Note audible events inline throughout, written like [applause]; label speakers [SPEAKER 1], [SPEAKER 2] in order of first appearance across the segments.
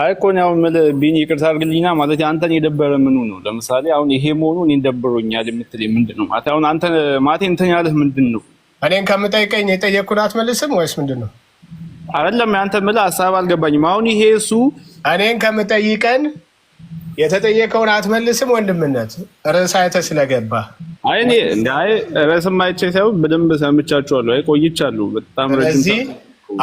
[SPEAKER 1] አይ እኮ እኔ አሁን የምልህ ቢኒ ይቅርታ አድርግልኝና ማለት አንተን የደበረ ምኑ ነው? ለምሳሌ አሁን ይሄ መሆኑ እኔን ደብሮኛል የምትል ምንድን ነው ማለት አሁን አንተ ማቴ እንትን ያለህ ምንድን ነው?
[SPEAKER 2] እኔን ከምጠይቀኝ የጠየቅኩን አትመልስም ወይስ ምንድን ነው?
[SPEAKER 1] አይደለም ያንተ የምልህ ሀሳብ አልገባኝም። አሁን ይሄ እሱ
[SPEAKER 2] እኔን ከምጠይቀን የተጠየቀውን አትመልስም ወንድምነት ርዕስ አይተህ ስለገባ
[SPEAKER 1] አይ እኔ ርዕስም አይቼ ሳይሆን በደንብ ሰምቻችኋለሁ። አይ ቆይቻለሁ
[SPEAKER 2] በጣም ረጅም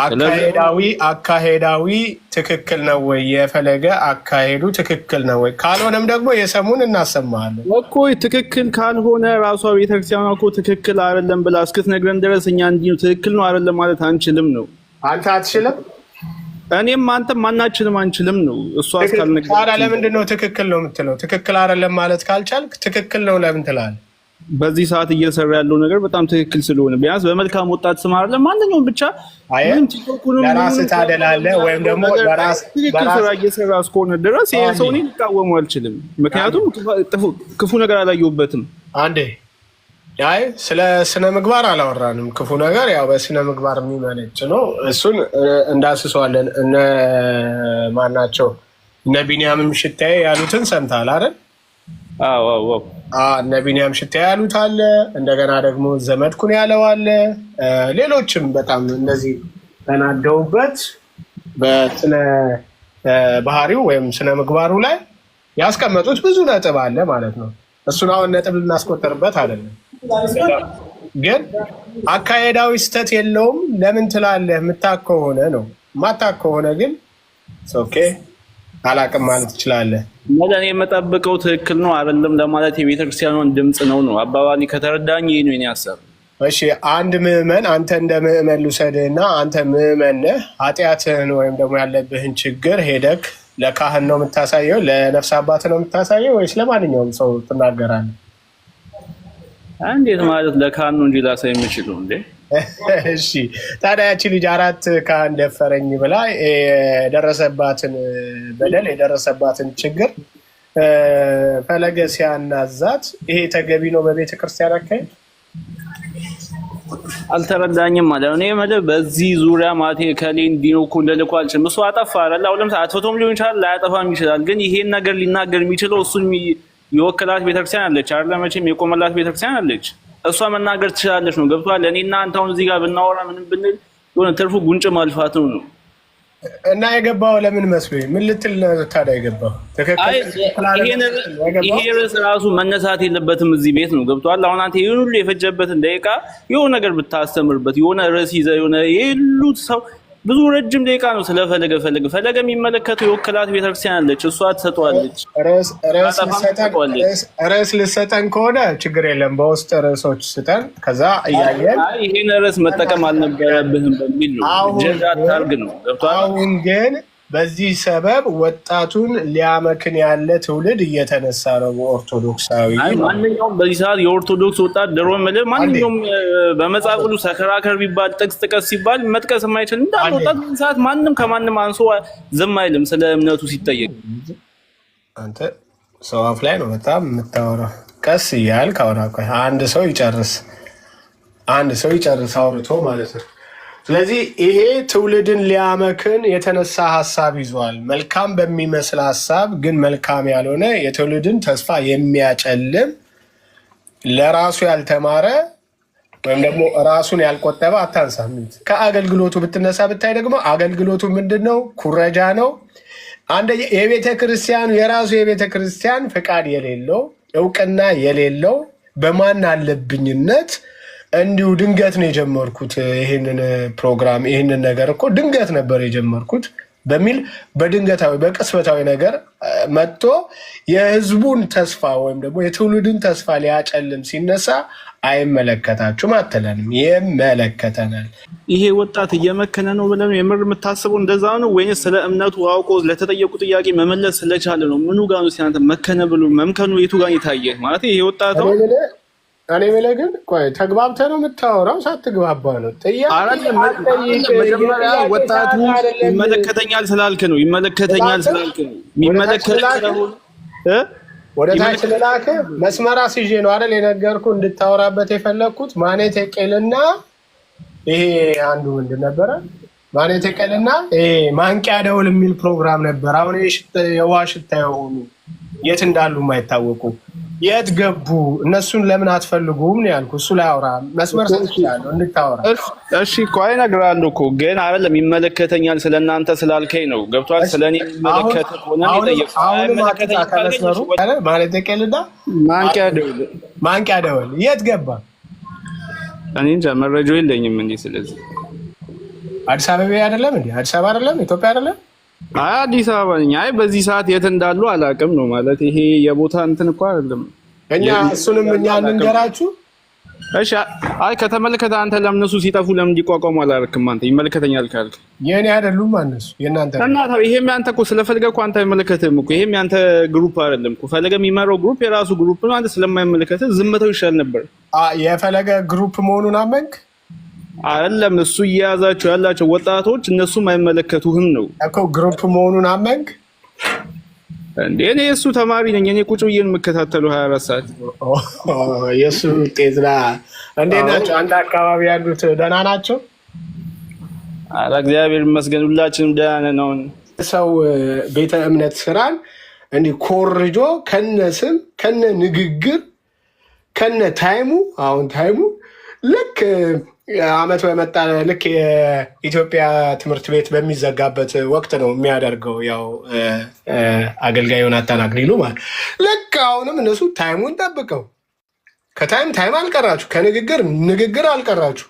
[SPEAKER 2] አካሄዳዊ አካሄዳዊ ትክክል ነው ወይ? የፈለገ አካሄዱ ትክክል ነው ወይ? ካልሆነም ደግሞ የሰሙን እናሰማለን
[SPEAKER 1] እኮ ትክክል ካልሆነ ራሷ ቤተክርስቲያኗ እኮ ትክክል አይደለም ብላ እስክትነግረን ድረስ እኛ እንዲህ ነው ትክክል ነው አይደለም ማለት አንችልም ነው።
[SPEAKER 2] አንተ አትችልም፣
[SPEAKER 1] እኔም አንተም ማናችንም አንችልም ነው።
[SPEAKER 2] እሷ እስካልነገረች ለምንድን ነው ትክክል ነው የምትለው? ትክክል አይደለም ማለት ካልቻልክ ትክክል ነው ለምን ትላለህ?
[SPEAKER 1] በዚህ ሰዓት እየሰራ ያለው ነገር በጣም ትክክል ስለሆነ ቢያንስ በመልካም ወጣት ስም አይደለም ማንኛውም ብቻ
[SPEAKER 2] ለራስ ታደላለ ወይም ደግሞ
[SPEAKER 1] ትክክል ስራ እየሰራ እስከሆነ ድረስ ይህ ሰው እኔ ሊቃወሙ አልችልም። ምክንያቱም ክፉ ነገር አላየሁበትም።
[SPEAKER 2] አንዴ አይ ስለ ስነ ምግባር አላወራንም። ክፉ ነገር ያው በስነ ምግባር የሚመነጭ ነው። እሱን እንዳስሰዋለን። እነ ማናቸው እነ ቢንያምም ሽታዬ ያሉትን ሰምተሃል አይደል? እነ ቢኒያም ሽታ ያሉት አለ። እንደገና ደግሞ ዘመድኩን ያለው አለ። ሌሎችም በጣም እንደዚህ ተናደውበት በስነ ባህሪው ወይም ስነ ምግባሩ ላይ ያስቀመጡት ብዙ ነጥብ አለ ማለት ነው። እሱን አሁን ነጥብ ልናስቆጠርበት አይደለም፣ ግን አካሄዳዊ ስህተት የለውም። ለምን ትላለህ? የምታክ ከሆነ ነው፣ ማታክ ከሆነ ግን ኦኬ አላቅም ማለት ትችላለህ።
[SPEAKER 1] እኔ የምጠብቀው ትክክል ነው አይደለም ለማለት የቤተክርስቲያኗን ድምፅ ነው ነው አባባሊ ከተረዳኝ ይህ ነው የእኔ ሀሳብ።
[SPEAKER 2] እሺ አንድ ምዕመን አንተ እንደ ምዕመን ልውሰድህ እና አንተ ምዕመን ነህ። ኃጢአትህን ወይም ደግሞ ያለብህን ችግር ሄደክ ለካህን ነው የምታሳየው፣ ለነፍስ አባት ነው የምታሳየው ወይስ ለማንኛውም ሰው ትናገራለህ?
[SPEAKER 1] እንዴት ማለት ለካህን ነው እንጂ ላሳይ የምችለው እንዴ
[SPEAKER 2] እሺ ታዲያ ያቺ ልጅ አራት ካህን ደፈረኝ ብላ የደረሰባትን በደል የደረሰባትን ችግር ፈለገ ሲያናዛት ይሄ ተገቢ ነው? በቤተ ክርስቲያን አካሄድ
[SPEAKER 1] አልተረዳኝም ማለት ነው። እኔ በዚህ ዙሪያ ማለት ከሌን ዲኖ እኮ እንደልኩ አልችልም። እሱ አጠፋ አለ። አሁን ለምሳሌ አትፈቶም ሊሆን ይችላል፣ ላያጠፋም ይችላል። ግን ይሄን ነገር ሊናገር የሚችለው እሱን የወከላት ቤተክርስቲያን አለች አይደል? መቼም የቆመላት ቤተክርስቲያን አለች። እሷ መናገር ትችላለች ነው ገብቷል። እኔና አንተ አሁን እዚህ ጋር ብናወራ ምንም ብንል የሆነ ትርፉ ጉንጭ ማልፋት ነው።
[SPEAKER 2] እና የገባው ለምን መስሎኝ ምን ልትል ታዲያ የገባው
[SPEAKER 1] ይሄ ርዕስ ራሱ መነሳት የለበትም እዚህ ቤት ነው ገብቷል። አሁን አንተ ይሄን ሁሉ የፈጀበትን ደቂቃ የሆነ ነገር ብታስተምርበት የሆነ ርዕስ ይዘህ የሆነ ይሄ ሰው ብዙ ረጅም ደቂቃ ነው ስለ ፈለገ ፈለገ ፈለገ የሚመለከተው የወክላት ቤተክርስቲያን አለች። እሷ ትሰጠዋለች።
[SPEAKER 2] ርዕስ ልሰጠን ከሆነ ችግር የለም በውስጥ ርዕሶች ስጠን፣ ከዛ
[SPEAKER 1] እያየን ይሄን ርዕስ መጠቀም አልነበረብህም በሚል
[SPEAKER 2] ነው። አሁን ግን በዚህ ሰበብ ወጣቱን ሊያመክን ያለ ትውልድ እየተነሳ ነው። ኦርቶዶክሳዊ
[SPEAKER 1] ማንኛውም በዚህ ሰዓት የኦርቶዶክስ ወጣት ድሮ መለ ማንኛውም በመጽሐፍ ቅዱስ ተከራከር ቢባል ጥቅስ ጥቀስ ሲባል መጥቀስ የማይችል እንዳንድ ወጣት በዚህ ሰዓት ማንም ከማንም አንሶ ዝም አይልም። ስለ እምነቱ ሲጠየቅ
[SPEAKER 2] አንተ ሰው አፍ ላይ ነው በጣም የምታወራው። ቀስ እያል አውራ። አንድ ሰው ይጨርስ፣ አንድ ሰው ይጨርስ አውርቶ ማለት ነው ስለዚህ ይሄ ትውልድን ሊያመክን የተነሳ ሀሳብ ይዟል። መልካም በሚመስል ሀሳብ ግን መልካም ያልሆነ የትውልድን ተስፋ የሚያጨልም ለራሱ ያልተማረ ወይም ደግሞ ራሱን ያልቆጠበ አታንሳሚት ከአገልግሎቱ ብትነሳ ብታይ ደግሞ አገልግሎቱ ምንድን ነው? ኩረጃ ነው። አንደ የቤተ ክርስቲያኑ የራሱ የቤተ ክርስቲያን ፈቃድ የሌለው እውቅና የሌለው በማን አለብኝነት እንዲሁ ድንገት ነው የጀመርኩት ይህንን ፕሮግራም ይህንን ነገር እኮ ድንገት ነበር የጀመርኩት በሚል በድንገታዊ በቅስበታዊ ነገር መጥቶ የህዝቡን ተስፋ ወይም ደግሞ የትውልድን ተስፋ ሊያጨልም ሲነሳ አይመለከታችሁም አትለንም፣ ይመለከተናል።
[SPEAKER 1] ይሄ ወጣት እየመከነ ነው ብለን የምር የምታስበው እንደዛ ነው ወይ? ስለ እምነቱ አውቆ ለተጠየቁ ጥያቄ መመለስ ስለቻለ ነው? ምኑ ጋ ነው ሲናንተ መከነ ብሎ መምከኑ የቱ ጋ የታየ ማለት ይሄ ወጣት ነው
[SPEAKER 2] እኔ የምልህ ግን ተግባብተ ነው የምታወራው? ሳትግባባ ነው
[SPEAKER 1] መጀመሪያ። ወጣቱ ይመለከተኛል ስላልክ ነው ይመለከተኛል ስላልክ ነው የሚመለከተው
[SPEAKER 2] ወደ ታች ልላክ መስመር አስይዤ ነው አይደል የነገርኩ እንድታወራበት የፈለግኩት ማኔ ቴቄልና ይሄ አንዱ ምንድን ነበረ? ማኔ ቴቄልና ይሄ ማንቂያ ደውል የሚል ፕሮግራም ነበር። አሁን የውሃ ሽታ የሆኑ የት እንዳሉ ማይታወቁ የት ገቡ? እነሱን ለምን አትፈልጉም ነው ያልኩ። እሱ ላይ አውራ መስመር ሰጥቻለሁ እንድታወራ።
[SPEAKER 1] እሺ እኮ እነግርሃለሁ እኮ ግን አይደለም ይመለከተኛል ስለእናንተ ስላልከኝ ነው። ገብቷል። ስለእኔ
[SPEAKER 2] የሚመለከት ሆነ ማንቂያ ደውል፣ ማንቂያ ደውል። የት ገባ?
[SPEAKER 1] እኔ እንጃ መረጃው የለኝም። እንዲህ ስለዚህ
[SPEAKER 2] አዲስ አበባ አይደለም እንዲ አዲስ አበባ አይደለም ኢትዮጵያ አይደለም
[SPEAKER 1] አዲስ አበባ ነኝ። አይ በዚህ ሰዓት የት እንዳሉ አላውቅም ነው ማለት። ይሄ የቦታ እንትን እኮ አይደለም።
[SPEAKER 2] እኛ እሱንም እኛ እንንገራችሁ።
[SPEAKER 1] እሺ። አይ ከተመለከተ አንተ ለምነሱ ሲጠፉ ለምን እንዲቋቋሙ አላደረክም? አንተ ይመለከተኛል ካልክ
[SPEAKER 2] የኔ አይደሉም እነሱ
[SPEAKER 1] የናንተ እና ይሄም ያንተ እኮ ስለፈለገ እኮ አንተ አይመለከትህም እኮ ይሄም ያንተ ግሩፕ አይደለም እኮ ፈለገ የሚመራው ግሩፕ የራሱ ግሩፕ ነው። አንተ ስለማይመለከትህ ዝምተው ይሻል ነበር።
[SPEAKER 2] የፈለገ ግሩፕ መሆኑን አመንክ።
[SPEAKER 1] አይደለም እሱ እየያዛቸው ያላቸው ወጣቶች እነሱም አይመለከቱህም ነው
[SPEAKER 2] እኮ ግሩፕ መሆኑን አመንክ
[SPEAKER 1] እንዴ? እኔ እሱ ተማሪ ነኝ። እኔ ቁጭ ብዬ የምከታተሉ 24 ሰዓት
[SPEAKER 2] የእሱ ውጤት ና። እንዴት ናቸው? አንድ አካባቢ ያሉት ደህና ናቸው?
[SPEAKER 1] ኧረ እግዚአብሔር ይመስገን ሁላችንም ደህና ነን።
[SPEAKER 2] ሰው ቤተ እምነት ስራን እንዲህ ኮርጆ ከነ ስም ከነ ንግግር ከነ ታይሙ አሁን ታይሙ ልክ አመት በመጣ ልክ የኢትዮጵያ ትምህርት ቤት በሚዘጋበት ወቅት ነው የሚያደርገው። ያው አገልጋይ ዮናታን አክሊሉ ማለት ልክ አሁንም እነሱ ታይሙን ጠብቀው ከታይም ታይም አልቀራችሁ፣ ከንግግር ንግግር አልቀራችሁ፣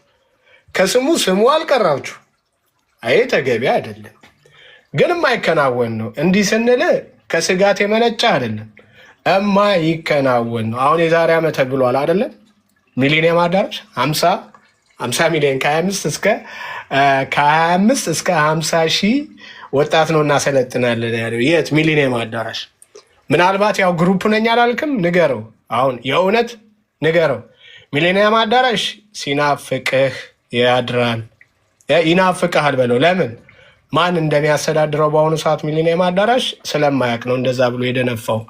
[SPEAKER 2] ከስሙ ስሙ አልቀራችሁ። አይ ተገቢ አይደለም፣ ግን የማይከናወን ነው። እንዲህ ስንል ከስጋት የመነጫ አይደለም፣ እማይከናወን ነው። አሁን የዛሬ ዓመት ብሏል አይደለም ሚሊኒየም አዳራሽ ሀምሳ ሀምሳ ሚሊዮን ከሀያ አምስት እስከ ከሀያ አምስት እስከ ሀምሳ ሺህ ወጣት ነው እናሰለጥናለን ያለው የት ሚሊኒየም አዳራሽ። ምናልባት ያው ግሩፕ ነኝ አላልክም፣ ንገረው አሁን የእውነት ንገረው። ሚሊኒየም አዳራሽ ሲናፍቅህ ያድራል ይናፍቅሃል በለው። ለምን ማን እንደሚያስተዳድረው በአሁኑ ሰዓት ሚሊኒየም አዳራሽ ስለማያውቅ ነው እንደዛ ብሎ የደነፋው።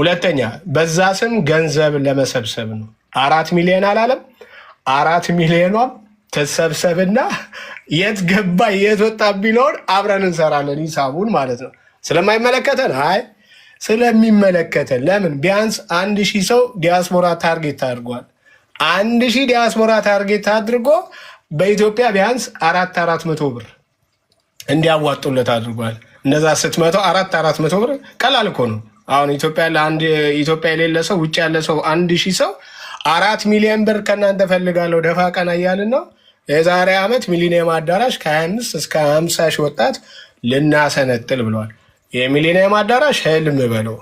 [SPEAKER 2] ሁለተኛ በዛ ስም ገንዘብ ለመሰብሰብ ነው። አራት ሚሊዮን አላለም። አራት ሚሊዮኗም ተሰብሰብና የት ገባ የት ወጣ ቢለውን አብረን እንሰራለን ሂሳቡን ማለት ነው። ስለማይመለከተን አይ ስለሚመለከተን ለምን ቢያንስ አንድ ሺህ ሰው ዲያስፖራ ታርጌት አድርጓል። አንድ ሺህ ዲያስፖራ ታርጌት አድርጎ በኢትዮጵያ ቢያንስ አራት አራት መቶ ብር እንዲያዋጡለት አድርጓል። እነዛ ስትመቶ አራት አራት መቶ ብር ቀላል እኮ ነው። አሁን ኢትዮጵያ ለአንድ ኢትዮጵያ የሌለ ሰው ውጭ ያለ ሰው አንድ ሺህ ሰው አራት ሚሊዮን ብር ከእናንተ ፈልጋለሁ ደፋ ቀና እያልን ነው። የዛሬ ዓመት ሚሊኒየም አዳራሽ ከ25 እስከ 50 ሺህ ወጣት ልናሰነጥል ብሏል። የሚሊኒየም አዳራሽ ህልም በለው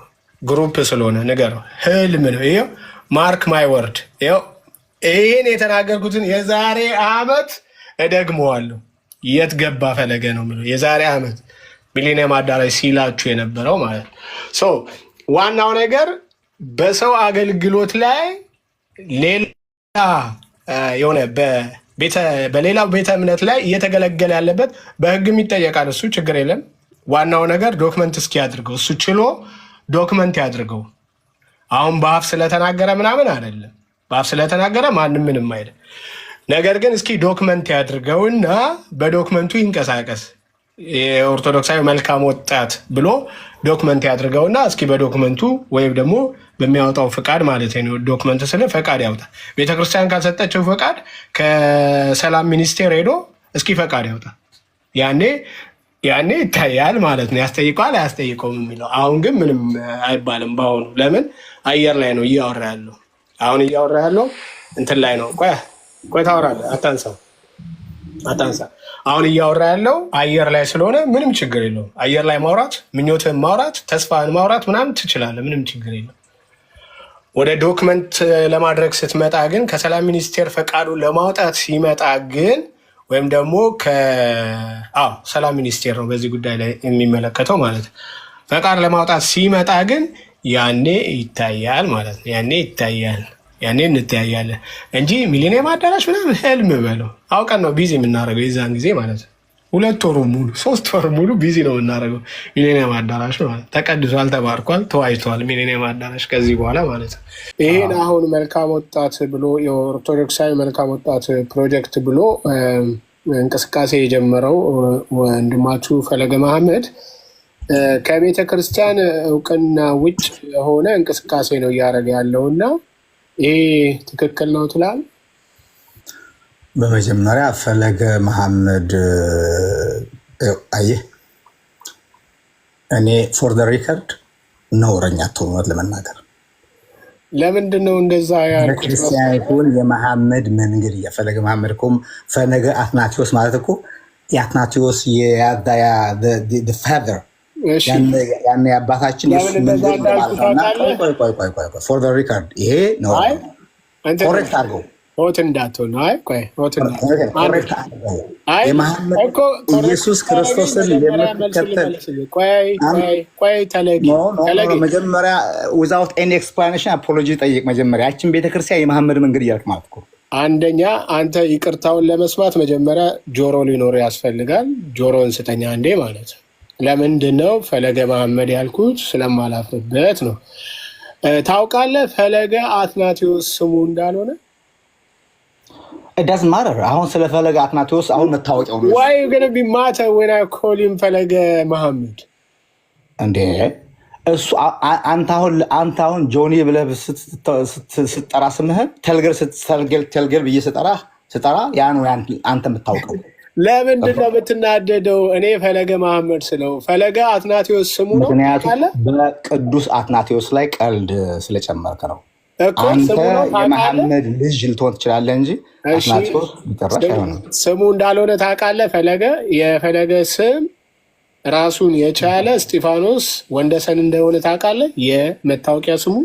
[SPEAKER 2] ግሩፕ ስለሆነ ንገረው፣ ህልም ነው። ይኸው ማርክ ማይ ወርድ፣ ይኸው ይህን የተናገርኩትን የዛሬ ዓመት እደግመዋለሁ። የት ገባ ፈለገ ነው የምለው። የዛሬ ዓመት ሚሊኒየም አዳራሽ ሲላችሁ የነበረው ማለት ዋናው ነገር በሰው አገልግሎት ላይ ሌላ የሆነ በሌላው ቤተ እምነት ላይ እየተገለገለ ያለበት በህግም ይጠየቃል። እሱ ችግር የለም። ዋናው ነገር ዶክመንት እስኪ ያድርገው እሱ ችሎ ዶክመንት ያድርገው። አሁን በአፍ ስለተናገረ ምናምን አይደለም። በአፍ ስለተናገረ ማንም ምንም አይደለም። ነገር ግን እስኪ ዶክመንት ያድርገውና በዶክመንቱ ይንቀሳቀስ። የኦርቶዶክሳዊ መልካም ወጣት ብሎ ዶክመንት ያድርገውና እስኪ በዶክመንቱ ወይም ደግሞ በሚያወጣው ፈቃድ ማለት ነው። ዶክመንት ስለ ፈቃድ ያውጣ። ቤተክርስቲያን ካልሰጠችው ፈቃድ ከሰላም ሚኒስቴር ሄዶ እስኪ ፈቃድ ያውጣ። ያኔ ያኔ ይታያል ማለት ነው። ያስጠይቀዋል አያስጠይቀውም የሚለው አሁን ግን ምንም አይባልም። በአሁኑ ለምን አየር ላይ ነው እያወራ ያለው። አሁን እያወራ ያለው እንትን ላይ ነው። ቆይ ቆይ፣ ታወራለህ። አታንሳው፣ አታንሳ አሁን እያወራ ያለው አየር ላይ ስለሆነ ምንም ችግር የለውም። አየር ላይ ማውራት፣ ምኞትህን ማውራት፣ ተስፋህን ማውራት ምናምን ትችላለህ። ምንም ችግር የለም። ወደ ዶክመንት ለማድረግ ስትመጣ ግን ከሰላም ሚኒስቴር ፈቃዱ ለማውጣት ሲመጣ ግን ወይም ደግሞ ሰላም ሚኒስቴር ነው በዚህ ጉዳይ ላይ የሚመለከተው ማለት ፈቃድ ለማውጣት ሲመጣ ግን ያኔ ይታያል ማለት ነው። ያኔ ይታያል። ያኔ እንተያያለን እንጂ ሚሊኒየም አዳራሽ ምናምን ህልም በለው አውቀን ነው ቢዚ የምናደርገው። የዛን ጊዜ ማለት ነው ሁለት ወሩ ሙሉ ሶስት ወር ሙሉ ቢዚ ነው የምናደርገው ሚሊኒየም አዳራሽ ማለት ተቀድሷል፣ ተባርኳል፣ ተዋጅተዋል። ሚሊኒየም አዳራሽ ከዚህ በኋላ ማለት ነው ይህን አሁን መልካም ወጣት ብሎ የኦርቶዶክሳዊ መልካም ወጣት ፕሮጀክት ብሎ እንቅስቃሴ የጀመረው ወንድማችሁ ፈለገ መሐመድ ከቤተ ክርስቲያን እውቅና ውጭ የሆነ እንቅስቃሴ ነው እያደረገ ያለው እና ይህ ትክክል ነው ትላል።
[SPEAKER 3] በመጀመሪያ ፈለገ መሐመድ አየህ፣ እኔ ፎር ደ ሪከርድ ነውረኛ ተውነት ለመናገር
[SPEAKER 2] ለምንድን ነው እንደዛ
[SPEAKER 3] ያልኩት? ክርስቲያኒቱን የመሐመድ መንገድ የፈለገ መሐመድ እኮ ፈለገ አትናቴዎስ ማለት እኮ የአትናቴዎስ የፋዘር ያኔ አባታችን ፎር ዘ ሪካርድ ይሄ ነው። ኮሬክት አድርገው
[SPEAKER 2] ሆት እንዳትሆን።
[SPEAKER 3] ኢየሱስ ክርስቶስን የምትከተል
[SPEAKER 2] ቆይ ተለጊ
[SPEAKER 3] መጀመሪያ ዊዛውት ኤኒ ኤክስፕላኔሽን አፖሎጂ ጠይቅ። መጀመሪያ ያችን ቤተክርስቲያን የመሐመድ መንገድ እያልክ ማለት እኮ
[SPEAKER 2] አንደኛ አንተ ይቅርታውን ለመስማት መጀመሪያ ጆሮ ሊኖር ያስፈልጋል። ጆሮ ስጠኛ እንዴ ማለት ነው ለምንድን ነው ፈለገ መሐመድ ያልኩት? ስለማላፍበት ነው። ታውቃለህ፣ ፈለገ አትናቴዎስ ስሙ እንዳልሆነ
[SPEAKER 3] ዳዝ ማረር። አሁን ስለ ፈለገ አትናቴዎስ አሁን መታወቂያው
[SPEAKER 2] ነው ወይ? ግን ቢማተ ወና ኮሊም ፈለገ መሐመድ
[SPEAKER 3] እንዴ እሱ አንተ አሁን ጆኒ ብለህ ስጠራ ስምህን ተልግል ተልግል ብዬ ስጠራ ስጠራ ያ ነው አንተ የምታውቀው
[SPEAKER 2] ለምንድን ነው የምትናደደው? እኔ ፈለገ መሐመድ ስለው ፈለገ አትናቴዎስ ስሙ
[SPEAKER 3] ነው። ምክንያቱም በቅዱስ አትናቴዎስ ላይ ቀልድ ስለጨመርክ ነው። አንተ የመሐመድ ልጅ ልትሆን ትችላለ እንጂ
[SPEAKER 2] አትናቴዎስ አይሆንም። ስሙ እንዳልሆነ ታውቃለህ። ፈለገ የፈለገ ስም ራሱን የቻለ እስጢፋኖስ ወንደሰን እንደሆነ ታውቃለህ። የመታወቂያ ስሙ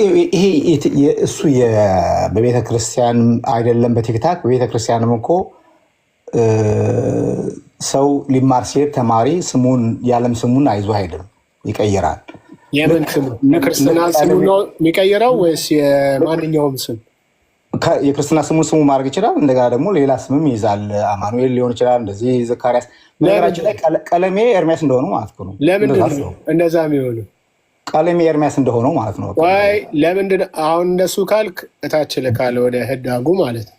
[SPEAKER 3] ይሄ እሱ በቤተ ክርስቲያን አይደለም፣ በቲክታክ በቤተ ክርስቲያንም እኮ ሰው ሊማር ሲሄድ ተማሪ ስሙን ያለም ስሙን አይዞ አይልም፣ ይቀይራል።
[SPEAKER 2] የምን ስሙ? የሚቀይረው ወይስ የማንኛውም ስም?
[SPEAKER 3] የክርስትና ስሙን ስሙ ማድረግ ይችላል። እንደገና ደግሞ ሌላ ስምም ይይዛል። አማኑኤል ሊሆን ይችላል፣ እንደዚህ ዘካርያስ። ነገራችን ላይ ቀለሜ ኤርሚያስ እንደሆኑ ማለት
[SPEAKER 2] ነው። ለምንድን ነው እንደዛ የሚሆነው?
[SPEAKER 3] ቃሌም ኤርሚያስ እንደሆነው ማለት
[SPEAKER 2] ነው። ወይ ለምንድን አሁን እነሱ ካልክ እታች ልካል ወደ ህዳጉ ማለት ነው።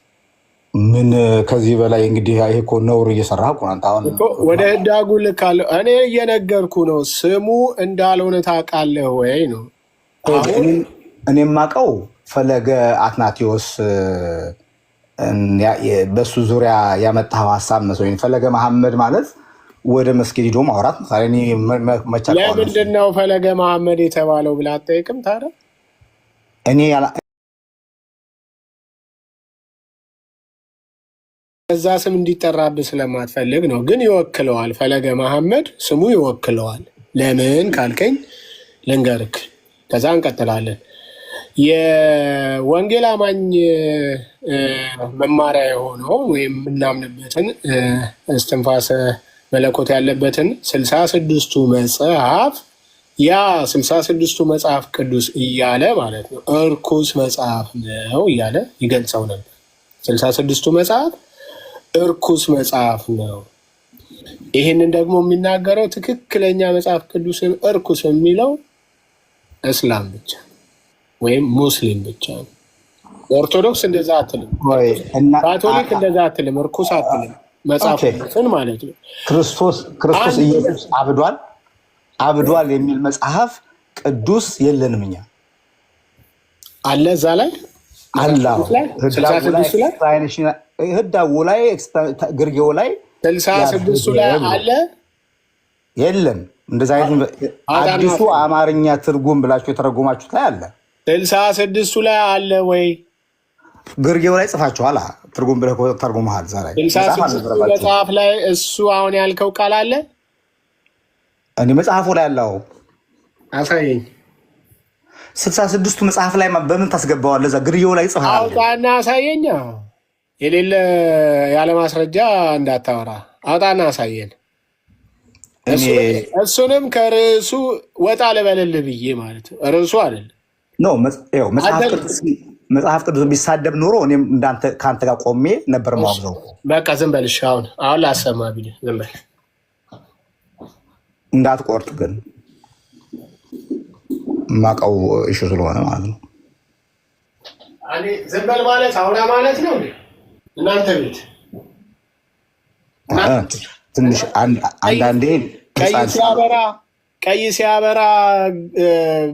[SPEAKER 3] ምን ከዚህ በላይ እንግዲህ ይሄ እኮ ነውር እየሰራ
[SPEAKER 2] ወደ ህዳጉ ልካለ። እኔ እየነገርኩ ነው። ስሙ እንዳልሆነ ታውቃለህ ወይ ነው።
[SPEAKER 3] እኔ የማውቀው ፈለገ አትናቴዎስ በሱ ዙሪያ ያመጣው ሀሳብ መሰለኝ። ፈለገ መሐመድ ማለት ወደ መስጊድ ሂዶ ማውራት መቻ
[SPEAKER 2] ለምንድን ነው ፈለገ መሐመድ የተባለው ብላ አጠይቅም ታዲያ እኔ ከዛ ስም እንዲጠራብህ ስለማትፈልግ ነው። ግን ይወክለዋል፣ ፈለገ መሐመድ ስሙ ይወክለዋል። ለምን ካልከኝ ልንገርክ፣ ከዛ እንቀጥላለን። የወንጌል አማኝ መማሪያ የሆነው ወይም የምናምንበትን እስትንፋሰ መለኮት ያለበትን ስልሳ ስድስቱ መጽሐፍ ያ ስልሳ ስድስቱ መጽሐፍ ቅዱስ እያለ ማለት ነው እርኩስ መጽሐፍ ነው እያለ ይገልጸው ነበር። ስልሳ ስድስቱ መጽሐፍ እርኩስ መጽሐፍ ነው። ይህንን ደግሞ የሚናገረው ትክክለኛ መጽሐፍ ቅዱስን እርኩስ የሚለው እስላም ብቻ ወይም ሙስሊም ብቻ ነው። ኦርቶዶክስ እንደዛ አትልም፣ ካቶሊክ እንደዛ አትልም፣ እርኩስ አትልም። መጽሐፍን ማለት ነው።
[SPEAKER 3] ክርስቶስ ክርስቶስ ኢየሱስ አብዷል አብዷል የሚል መጽሐፍ ቅዱስ የለንም እኛ አለ እዛ ላይ አላ
[SPEAKER 2] ህዳው ላይ ግርጌው ላይ ስልሳ ስድስቱ ላይ አለ
[SPEAKER 3] የለም። እንደዚ አይነት አዲሱ አማርኛ ትርጉም ብላችሁ የተረጎማችሁት ላይ አለ
[SPEAKER 2] ስልሳ ስድስቱ ላይ አለ ወይ
[SPEAKER 3] ግርጌው ላይ ጽፋችኋል። ትርጉም ብለህ ተርጉመሃል። ዛ
[SPEAKER 2] መጽሐፍ ላይ እሱ አሁን ያልከው ቃል አለ
[SPEAKER 3] እኔ መጽሐፉ ላይ ያለው አሳየኝ። ስልሳ ስድስቱ መጽሐፍ ላይ በምን ታስገባዋለህ? እዛ ግርጌው ላይ ጽፈሃል።
[SPEAKER 2] አውጣና አሳየኝ። የሌለ ያለ ማስረጃ እንዳታወራ። አውጣና አሳየን። እሱንም ከርዕሱ ወጣ ልበልልህ ብዬ ማለት ርዕሱ አይደል
[SPEAKER 3] ነው መጽሐፍ ቅዱስ መጽሐፍ ቅዱስ ቢሳደብ ኑሮ እኔም እንዳንተ ከአንተ ጋር ቆሜ ነበር ማብዘው።
[SPEAKER 2] በቃ ዝም በልሽ። አሁን አሁን ላሰማ ቢል ዝም በል
[SPEAKER 3] እንዳትቆርጥ፣ ግን ማቀው እሹ ስለሆነ ማለት ነው።
[SPEAKER 2] ዝም በል ማለት አውራ ማለት ነው። እናንተ ቤት
[SPEAKER 3] ትንሽ አንዳንዴ
[SPEAKER 2] ቀይ ሲያበራ ቀይ ሲያበራ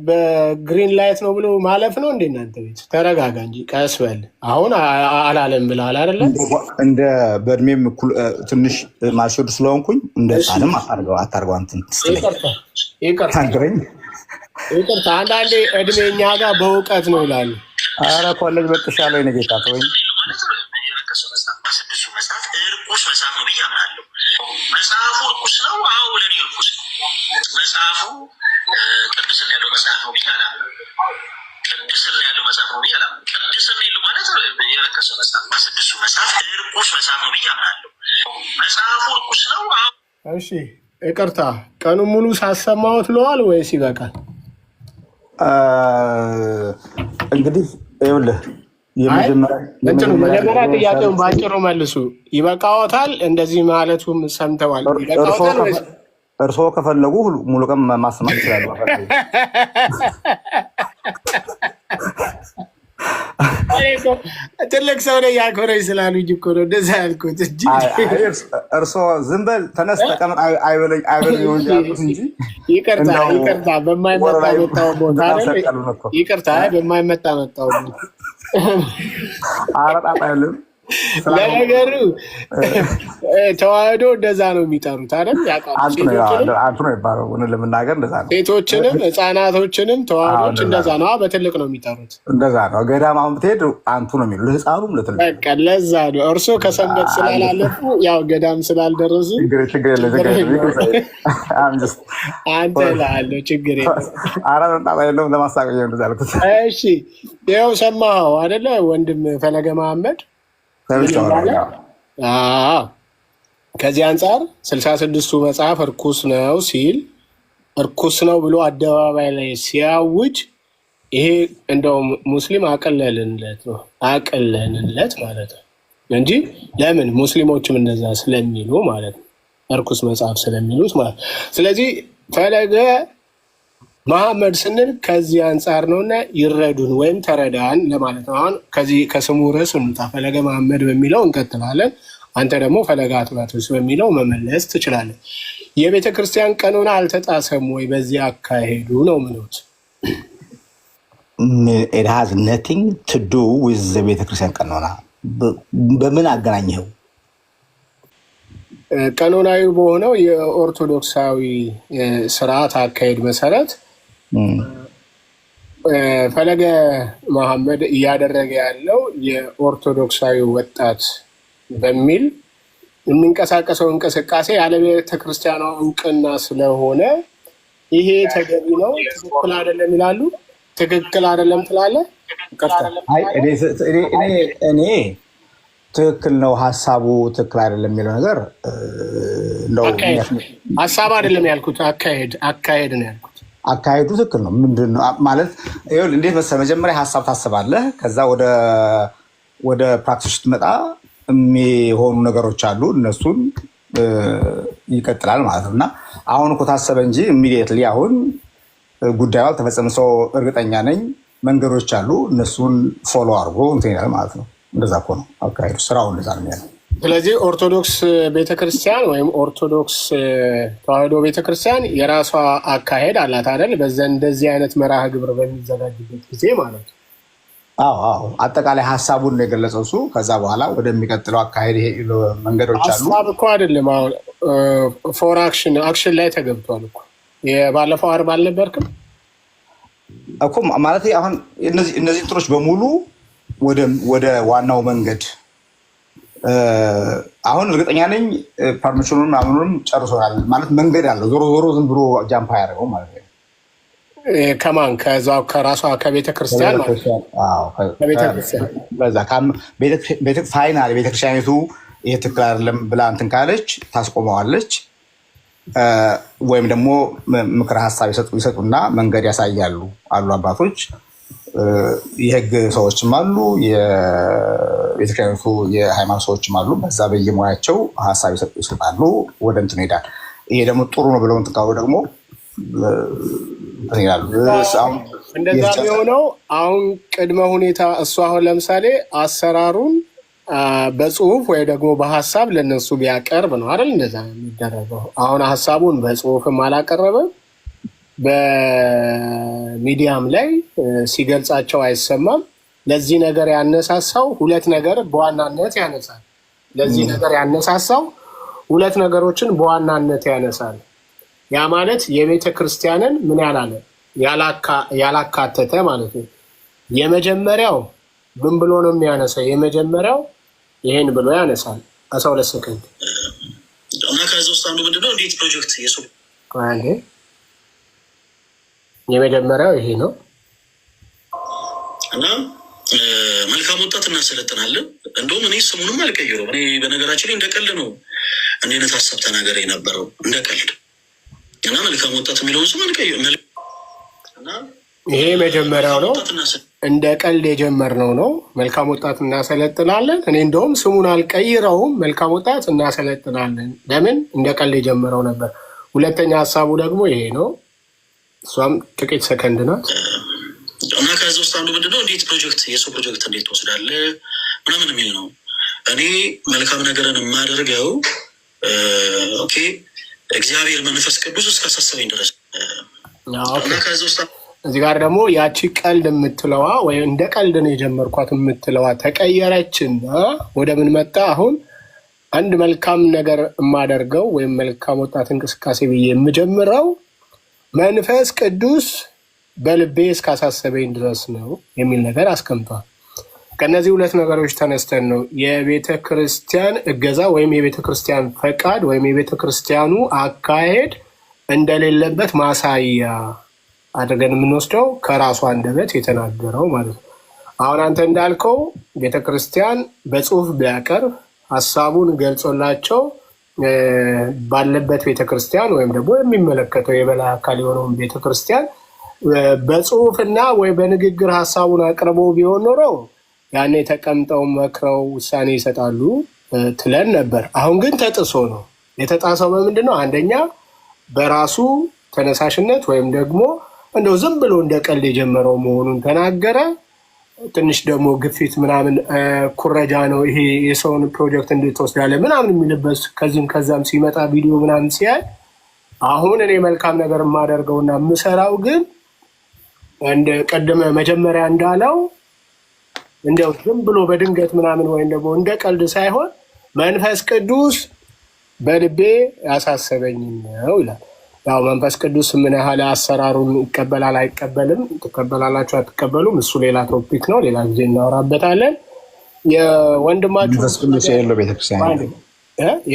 [SPEAKER 2] በግሪን ላይት ነው ብሎ ማለፍ ነው እንደ እናንተ ቤት። ተረጋጋ እንጂ ቀስ በል። አሁን አላለም ብለሃል አይደለ?
[SPEAKER 3] እንደ በእድሜም ትንሽ ማሾድ ስለሆንኩኝ እንደ ጻንም አታርገው እንትን
[SPEAKER 2] ይቅርታ። አንዳንዴ እድሜ እኛ ጋር በእውቀት ነው ይላሉ።
[SPEAKER 3] አረ ኮሌጅ በቅሻ ላይ ነው ተወኝ። እርኩስ መጽሐፍ ነው ብዬ አምናለሁ። መጽሐፉ እርኩስ ነው? አዎ ለኔ እርኩስ ነው። መጽሐፉ ቅድስና ያለው መጽሐፍ
[SPEAKER 2] ነው ብዬ አላምንም። ቅድስና ያለው መጽሐፍ ነው ብዬ አላምንም። ቅድስና የለው ማለት የረከሰ መጽሐፍ ማስድሱ መጽሐፍ እርኩስ መጽሐፍ ነው ብዬ አምናለሁ። መጽሐፉ እርኩስ ነው? እሺ ይቅርታ፣ ቀኑ ሙሉ ሳሰማዎት ለዋል ወይስ ይበቃል?
[SPEAKER 3] እንግዲህ ይኸውልህ
[SPEAKER 2] መጀመሪያ ጥያቄውን በአጭሩ መልሱ። ይበቃዎታል? እንደዚህ ማለቱም ሰምተዋል።
[SPEAKER 3] እርስዎ ከፈለጉ ሙሉ ቀን ማሰማት ይችላሉ።
[SPEAKER 2] [laughs] ትልቅ ሰው ነኝ ያኮረኝ ስላሉኝ እኮ ነው እንደዛ ያልኩት
[SPEAKER 3] እንጂ እርስዎ ዝም በል ተነስ ተቀመጥ አይበለኝ አይበለኝ ያልኩት እንጂ።
[SPEAKER 2] ይቅርታ ይቅርታ፣ በማይመጣ መጣው ቦታ ይቅርታ፣ በማይመጣ መጣው ቦታ
[SPEAKER 3] [laughs] አረጣጣ ያለም
[SPEAKER 2] ለነገሩ ተዋህዶ እንደዛ ነው የሚጠሩት አይደል?
[SPEAKER 3] ይባለው ለመናገር እንደዛ
[SPEAKER 2] ነው። ሴቶችንም ህፃናቶችንም ተዋህዶች እንደዛ ነው፣ በትልቅ ነው የሚጠሩት።
[SPEAKER 3] እንደዛ ነው። ገዳም አሁን ብትሄድ አንቱ ነው የሚሉ ለህፃኑም
[SPEAKER 2] ለትልቅ ለዛ ነው። እርሶ ከሰንበት ስላላለፉ ያው ገዳም ስላልደረሱ ችግር የለ አንተ ላለው ችግር እንደዛ የለም። እሺ ይኸው ሰማኸው አደለ ወንድም ፈለገ መሀመድ ከዚህ አንጻር ስልሳ ስድስቱ መጽሐፍ እርኩስ ነው ሲል እርኩስ ነው ብሎ አደባባይ ላይ ሲያውጅ ይሄ እንደው ሙስሊም አቀለልንለት ነው አቀለልንለት ማለት ነው እንጂ ለምን ሙስሊሞችም እንደዛ ስለሚሉ ማለት ነው እርኩስ መጽሐፍ ስለሚሉት ማለት ስለዚህ ፈለገ መሐመድ ስንል ከዚህ አንጻር ነውና ይረዱን ወይም ተረዳን ለማለት ነው። አሁን ከዚህ ከስሙ ርዕስ እንውጣ። ፈለገ መሐመድ በሚለው እንቀጥላለን። አንተ ደግሞ ፈለገ አትናቴዎስ በሚለው መመለስ ትችላለን። የቤተ ክርስቲያን ቀኖና አልተጣሰም ወይ? በዚህ አካሄዱ ነው ምኖት
[SPEAKER 3] ኢት ነቲንግ ቱ ዱ ዊዝ ቤተ ክርስቲያን ቀኖና በምን አገናኘው?
[SPEAKER 2] ቀኖናዊ በሆነው የኦርቶዶክሳዊ ስርዓት አካሄድ መሰረት ፈለገ መሐመድ እያደረገ ያለው የኦርቶዶክሳዊ ወጣት በሚል የሚንቀሳቀሰው እንቅስቃሴ ያለ ክርስቲያኗ እውቅና ስለሆነ ይሄ ተገቢ ነው፣ ትክክል አይደለም ይላሉ። ትክክል አይደለም ትላለ
[SPEAKER 3] እኔ ትክክል ነው ሀሳቡ ትክክል አይደለም የሚለው ነገር
[SPEAKER 2] ሀሳብ አይደለም ያልኩት አካሄድ አካሄድ ነው ያልኩት።
[SPEAKER 3] አካሄዱ ትክክል ነው። ምንድን ነው ማለት እንዴት መሰለህ፣ መጀመሪያ ሀሳብ ታስባለህ። ከዛ ወደ ፕራክቲስ ስትመጣ የሚሆኑ ነገሮች አሉ፣ እነሱን ይቀጥላል ማለት ነው። እና አሁን እኮ ታሰበ እንጂ ኢሚዲየትሊ አሁን ጉዳዩ አልተፈጸመ። ሰው እርግጠኛ ነኝ መንገዶች አሉ፣ እነሱን ፎሎ አድርጎ እንትን ይላል ማለት ነው። እንደዛ እኮ ነው አካሄዱ፣ ስራው እንደዛ ነው ያለው።
[SPEAKER 2] ስለዚህ ኦርቶዶክስ ቤተክርስቲያን ወይም ኦርቶዶክስ ተዋህዶ ቤተክርስቲያን የራሷ አካሄድ አላት አይደል? በዛ እንደዚህ አይነት መርሃ ግብር በሚዘጋጅበት ጊዜ ማለት ነው።
[SPEAKER 3] አዎ አጠቃላይ ሀሳቡን ነው የገለጸው እሱ። ከዛ በኋላ ወደሚቀጥለው አካሄድ መንገዶች አሉ።
[SPEAKER 2] ሀሳብ እኮ አይደለም አሁን ፎር አክሽን አክሽን ላይ ተገብቷል እኮ። ባለፈው አርብ አልነበርክም
[SPEAKER 3] እኮ ማለት አሁን እነዚህ እንትኖች በሙሉ ወደ ዋናው መንገድ አሁን እርግጠኛ ነኝ ፐርሚሽኑን አምኑንም ጨርሶናል። ማለት መንገድ አለው። ዞሮ ዞሮ ዝም ብሎ ጃምፓ ያደርገው ማለት ነው።
[SPEAKER 2] ከማን ከዛው ከራሷ ከቤተ ክርስቲያን ፋይናል
[SPEAKER 3] ቤተ ክርስቲያኒቱ ይህ ትክክል አይደለም ብላ እንትን ካለች ታስቆመዋለች፣ ወይም ደግሞ ምክር ሀሳብ ይሰጡና መንገድ ያሳያሉ አሉ አባቶች። የህግ ሰዎችም አሉ፣ የቤተ የሃይማኖት ሰዎችም አሉ። በዛ በየሙያቸው ሀሳብ ይሰጣሉ፣ ወደ እንትን ይሄዳል። ይሄ ደግሞ ጥሩ ነው ብለው እንትን ደግሞ
[SPEAKER 2] እንደዛ የሆነው አሁን ቅድመ ሁኔታ እሱ አሁን ለምሳሌ አሰራሩን በጽሁፍ ወይ ደግሞ በሀሳብ ለነሱ ቢያቀርብ ነው አይደል? እንደዛ የሚደረገው አሁን ሀሳቡን በጽሁፍም አላቀረበም በሚዲያም ላይ ሲገልጻቸው አይሰማም። ለዚህ ነገር ያነሳሳው ሁለት ነገር በዋናነት ያነሳል። ለዚህ ነገር ያነሳሳው ሁለት ነገሮችን በዋናነት ያነሳል። ያ ማለት የቤተ ክርስቲያንን ምን ያላለ ያላካተተ ማለት ነው። የመጀመሪያው ምን ብሎ ነው የሚያነሳ? የመጀመሪያው ይሄን ብሎ ያነሳል። አስራ ሁለት ሰከንድ
[SPEAKER 4] እና ከዚ ውስጥ አንዱ ምንድነው እንዴት ፕሮጀክት
[SPEAKER 2] የመጀመሪያው ይሄ ነው
[SPEAKER 4] እና መልካም ወጣት እናሰለጥናለን። እንደውም እኔ ስሙንም አልቀይረው። እኔ በነገራችን ላይ እንደቀልድ ነው እንዲህ ዓይነት ሀሳብ የነበረው እንደቀልድ እና መልካም ወጣት የሚለውን ስም አልቀይር።
[SPEAKER 2] ይሄ መጀመሪያው ነው፣ እንደ ቀልድ የጀመርነው ነው። መልካም ወጣት እናሰለጥናለን። እኔ እንደውም ስሙን አልቀይረውም። መልካም ወጣት እናሰለጥናለን። ለምን እንደ ቀልድ የጀመረው ነበር። ሁለተኛ ሀሳቡ ደግሞ ይሄ ነው። እሷም ጥቂት ሰከንድ ናት
[SPEAKER 4] እና ከዚ ውስጥ አንዱ ምንድነው እንዴት ፕሮጀክት የእሱ ፕሮጀክት እንዴት ትወስዳለ ምናምን የሚል ነው። እኔ መልካም ነገርን የማደርገው ኦኬ እግዚአብሔር መንፈስ ቅዱስ እስካሳሰበኝ ድረስ
[SPEAKER 2] እና እዚህ ጋር ደግሞ ያቺ ቀልድ የምትለዋ ወይም እንደ ቀልድ ነው የጀመርኳት የምትለዋ ተቀየረችና ወደ ምን መጣ? አሁን አንድ መልካም ነገር የማደርገው ወይም መልካም ወጣት እንቅስቃሴ ብዬ የምጀምረው መንፈስ ቅዱስ በልቤ እስካሳሰበኝ ድረስ ነው የሚል ነገር አስቀምጧል። ከእነዚህ ሁለት ነገሮች ተነስተን ነው የቤተ ክርስቲያን እገዛ ወይም የቤተ ክርስቲያን ፈቃድ ወይም የቤተ ክርስቲያኑ አካሄድ እንደሌለበት ማሳያ አድርገን የምንወስደው ከራሱ አንደበት የተናገረው ማለት ነው። አሁን አንተ እንዳልከው ቤተ ክርስቲያን በጽሁፍ ቢያቀርብ ሀሳቡን ገልጾላቸው ባለበት ቤተክርስቲያን ወይም ደግሞ የሚመለከተው የበላይ አካል የሆነውን ቤተክርስቲያን በጽሁፍና ወይ በንግግር ሀሳቡን አቅርቦ ቢሆን ኖሮ ያኔ ተቀምጠው መክረው ውሳኔ ይሰጣሉ ትለን ነበር። አሁን ግን ተጥሶ ነው የተጣሰው። በምንድን ነው? አንደኛ በራሱ ተነሳሽነት ወይም ደግሞ እንደው ዝም ብሎ እንደ ቀልድ የጀመረው መሆኑን ተናገረ። ትንሽ ደግሞ ግፊት ምናምን ኩረጃ ነው ይሄ የሰውን ፕሮጀክት እንድትወስዳለ ምናምን የሚልበት ከዚህም ከዛም ሲመጣ ቪዲዮ ምናምን ሲያይ አሁን እኔ መልካም ነገር የማደርገውና የምሰራው ግን እንደ ቀደመ መጀመሪያ እንዳለው እንደው ዝም ብሎ በድንገት ምናምን ወይም ደግሞ እንደ ቀልድ ሳይሆን መንፈስ ቅዱስ በልቤ ያሳሰበኝ ነው ይላል። ያው መንፈስ ቅዱስ ምን ያህል አሰራሩን ይቀበላል አይቀበልም፣ ትቀበላላችሁ አትቀበሉም፣ እሱ ሌላ ቶፒክ ነው፣ ሌላ ጊዜ እናወራበታለን። የወንድማችሁ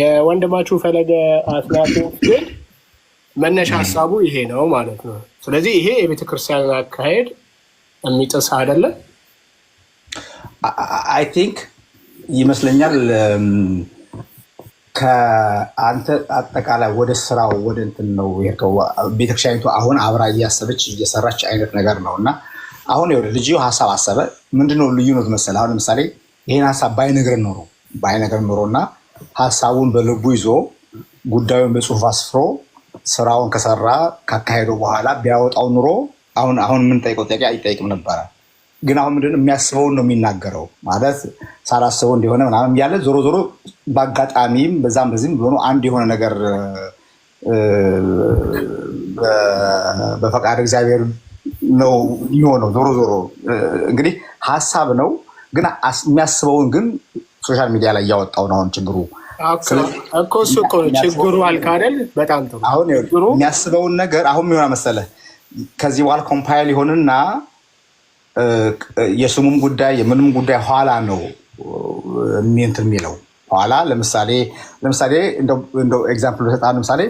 [SPEAKER 2] የወንድማችሁ ፈለገ አትናቱ ግን መነሻ ሀሳቡ ይሄ ነው ማለት ነው። ስለዚህ ይሄ የቤተክርስቲያን አካሄድ የሚጥስ አይደለም
[SPEAKER 3] አይ ቲንክ ይመስለኛል ከአንተ አጠቃላይ ወደ ስራው ወደ እንትን ነው የሄድከው። ቤተክርስቲያኒቱ አሁን አብራ እያሰበች እየሰራች አይነት ነገር ነው እና አሁን ው ልጅ ሀሳብ አሰበ። ምንድነው ልዩነት መሰለህ? አሁን ለምሳሌ ይህን ሀሳብ ባይነግረን ኖሮ ባይነግረን ኖሮ እና ሀሳቡን በልቡ ይዞ ጉዳዩን በጽሁፍ አስፍሮ ስራውን ከሰራ ካካሄዱ በኋላ ቢያወጣው ኑሮ አሁን አሁን የምንጠይቀው ጥያቄ አይጠይቅም ነበረ። ግን አሁን ምንድን የሚያስበውን ነው የሚናገረው። ማለት ሳላስበው እንደሆነ ምናምን ያለ ዞሮ ዞሮ በአጋጣሚም በዛም በዚህም ሆኖ አንድ የሆነ ነገር በፈቃድ እግዚአብሔር ነው የሚሆነው። ዞሮ ዞሮ እንግዲህ ሀሳብ ነው፣ ግን የሚያስበውን ግን ሶሻል ሚዲያ ላይ እያወጣው ነው አሁን ችግሩ
[SPEAKER 2] እኮ እሱ እኮ ችግሩ አልክ አይደል? በጣም ጥሩ።
[SPEAKER 3] አሁን የሚያስበውን ነገር አሁን የሚሆን መሰለህ ከዚህ በኋላ ኮምፓይል ይሆንና የስሙም ጉዳይ የምንም ጉዳይ ኋላ ነው ሚንት የሚለው ኋላ ለምሳሌ ለምሳሌ እንደው ኤግዛምፕል ሰጣ ለምሳሌ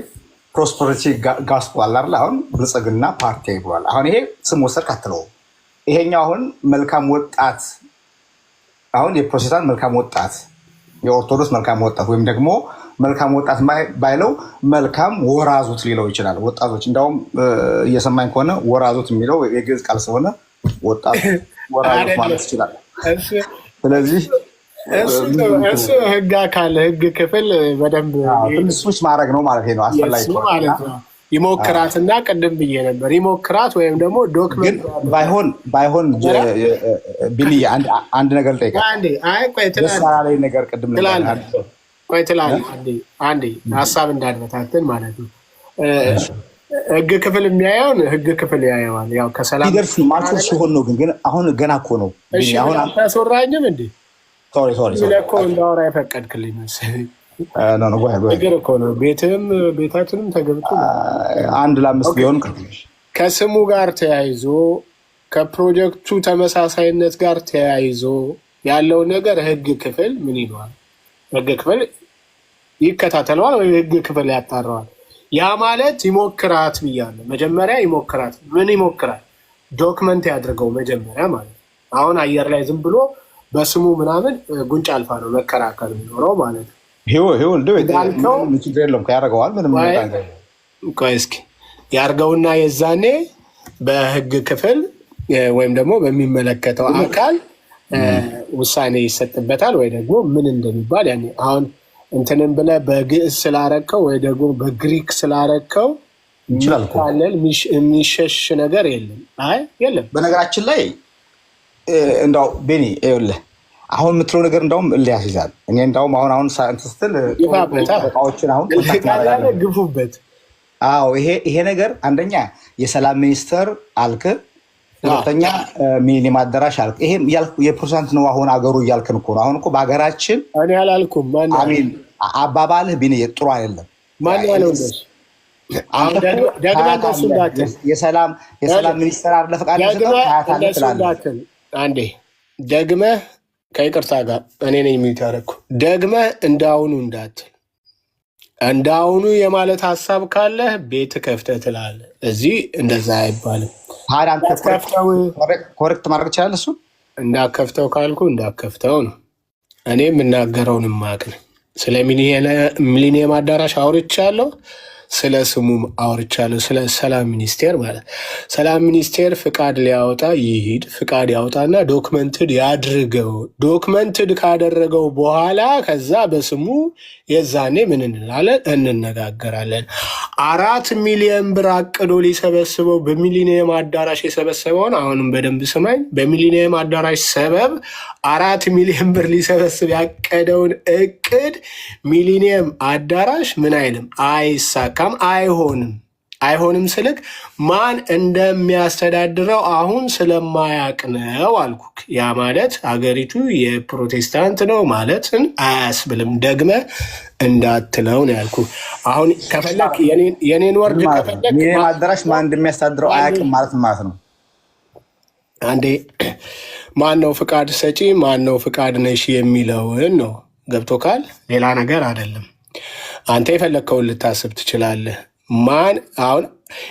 [SPEAKER 3] ፕሮስፐሪቲ ጋስፖል አለ አሁን ብልጽግና ፓርቲ ይብሏል። አሁን ይሄ ስም ወሰድክ አትለውም። ይሄኛው አሁን መልካም ወጣት አሁን የፕሮቴስታንት መልካም ወጣት፣ የኦርቶዶክስ መልካም ወጣት ወይም ደግሞ መልካም ወጣት ባይለው መልካም ወራዙት ሊለው ይችላል። ወጣቶች እንዳውም እየሰማኝ ከሆነ ወራዙት የሚለው የግዕዝ ቃል ስለሆነ ወጣት ወራዶች ማለት ይችላል።
[SPEAKER 2] ስለዚህ እሱ ህግ አካል ህግ ክፍል በደንብ ትንሶች ማድረግ ነው ማለት ነው። አስፈላጊ ይሞክራት እና ቅድም ብዬ ነበር ይሞክራት ወይም ደግሞ ዶክመንት ባይሆን ባይሆን ቢኒ አንድ ነገር ልጠይቃለሁ። ነገር ቅድም ቆይ ትላለህ አንዴ ሀሳብ እንዳልበታትን ማለት ነው ህግ ክፍል የሚያየውን ህግ ክፍል ያየዋል። ያው ከሰላም ሲደርስ ማርፈር ሲሆን ነው። ግን አሁን ገና እኮ ነው። አስወራኝም እንዴ ለኮ እንዳወራ የፈቀድክልኝ መሰለኝ። ችግር እኮ ነው። ቤትም ቤታችንም ተገብቶ አንድ ለአምስት ቢሆን ከስሙ ጋር ተያይዞ ከፕሮጀክቱ ተመሳሳይነት ጋር ተያይዞ ያለው ነገር ህግ ክፍል ምን ይለዋል? ህግ ክፍል ይከታተለዋል ወይ ህግ ክፍል ያጣረዋል። ያ ማለት ይሞክራት ብያለ። መጀመሪያ ይሞክራት፣ ምን ይሞክራል? ዶክመንት ያድርገው መጀመሪያ ማለት ነው። አሁን አየር ላይ ዝም ብሎ በስሙ ምናምን ጉንጭ አልፋ ነው መከራከል የሚኖረው ማለት ነው። ያርገውና የዛኔ በህግ ክፍል ወይም ደግሞ በሚመለከተው አካል ውሳኔ ይሰጥበታል ወይ ደግሞ ምን እንደሚባል አሁን እንትንም ብለ በግዕዝ ስላረከው ወይ ደግሞ በግሪክ ስላረከው ይችላልለል የሚሸሽ ነገር የለም። አይ የለም። በነገራችን ላይ እንዳው ቤኒ ይኸውልህ አሁን የምትለው ነገር እንዳውም ሊያስይዛል። እኔ እንዳውም አሁን አሁን እንትን ስትል ዎችን አሁን ግፉበት። አዎ ይሄ ነገር አንደኛ የሰላም ሚኒስተር አልክ ሁለተኛ ሚኒም አዳራሽ አልክ። ይሄም የፕሮቴስታንት ነው አሁን አገሩ እያልክን እኮ ነው። አሁን እኮ በሀገራችን እኔ አላልኩም። አሚን አባባልህ ቢኒ ጥሩ አይደለም። ማን ያለው የሰላም ሚኒስትር አለ ፈቃድ ሰጠው። አንዴ ደግመህ ከይቅርታ ጋር እኔ ነኝ የሚታረኩ ያደረኩ ደግመህ እንዳሁኑ እንዳትል እንደ አሁኑ የማለት ሀሳብ ካለህ ቤት ከፍተህ ትላለህ። እዚህ እንደዛ አይባልም። ኮረክት ማድረግ ትችላለህ። እሱ እንዳከፍተው ካልኩ እንዳከፍተው ነው። እኔ የምናገረውን ማቅ ነው። ስለ ሚሊኒየም አዳራሽ አውርቻለሁ። ስለ ስሙም አውርቻለሁ። ስለ ሰላም ሚኒስቴር ማለት ሰላም ሚኒስቴር ፍቃድ ሊያወጣ ይሂድ፣ ፍቃድ ያወጣና ዶክመንትድ ያድርገው። ዶክመንትድ ካደረገው በኋላ ከዛ በስሙ የዛኔ ምን እንላለን እንነጋገራለን። አራት ሚሊዮን ብር አቅዶ ሊሰበስበው በሚሊኒየም አዳራሽ የሰበሰበውን አሁንም በደንብ ስማኝ፣ በሚሊኒየም አዳራሽ ሰበብ አራት ሚሊዮን ብር ሊሰበስብ ያቀደውን እቅድ ሚሊኒየም አዳራሽ ምን አይልም አይሳ አይተካም፣ አይሆንም አይሆንም ስልክ ማን እንደሚያስተዳድረው አሁን ስለማያቅ ነው አልኩክ። ያ ማለት ሀገሪቱ የፕሮቴስታንት ነው ማለትን አያስብልም። ደግመ እንዳትለው ነው ያልኩ። አሁን ከፈለክ የኔን ወርድ ከፈለክ አዳራሽ ማን እንደሚያስተዳድረው አያቅም ማለት ማለት ነው። አንዴ ማን ነው ፍቃድ ሰጪ፣ ማን ነው ፍቃድ ነሽ የሚለውን ነው። ገብቶ ካል ሌላ ነገር አይደለም። አንተ የፈለግከውን ልታስብ ትችላለህ። ማን አሁን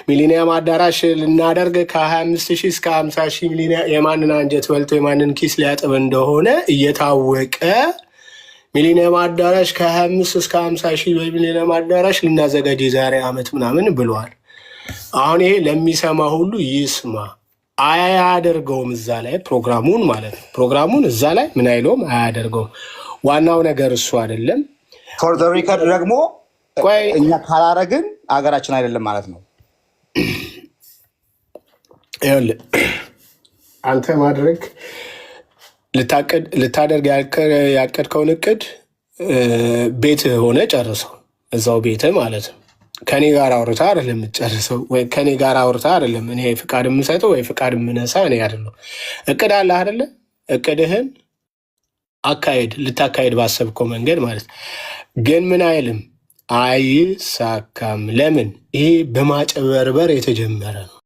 [SPEAKER 2] ሚሊኒየም አዳራሽ ልናደርግ ከ25 ሺህ እስከ 50 ሺህ የማንን አንጀት በልቶ የማንን ኪስ ሊያጥብ እንደሆነ እየታወቀ ሚሊኒየም አዳራሽ ከ25 እስከ 50 ሺህ በሚሊኒየም አዳራሽ ልናዘጋጅ የዛሬ ዓመት ምናምን ብሏል አሁን ይሄ ለሚሰማ ሁሉ ይስማ። አያደርገውም እዛ ላይ ፕሮግራሙን ማለት ነው። ፕሮግራሙን እዛ ላይ ምን አይለውም፣ አያደርገውም። ዋናው ነገር እሱ አይደለም። ፎር ዘ ሪከርድ ደግሞ እኛ ካላረግን አገራችን አይደለም ማለት ነው። አንተ ማድረግ ልታደርግ ያቀድከውን እቅድ ቤት ሆነ ጨርሰው፣ እዛው ቤት ማለት ነው። ከኔ ጋር አውርታ አይደለም ጨርሰው፣ ወይ ከኔ ጋር አውርታ አይደለም እኔ ፍቃድ የምሰጠው ወይ ፍቃድ የምነሳ እኔ አይደለም። እቅድ አለ አይደለ? እቅድህን አካሄድ ልታካሄድ ባሰብከው መንገድ ማለት ግን ምን አይልም፣ አይሳካም። ለምን? ይሄ በማጨበርበር የተጀመረ ነው።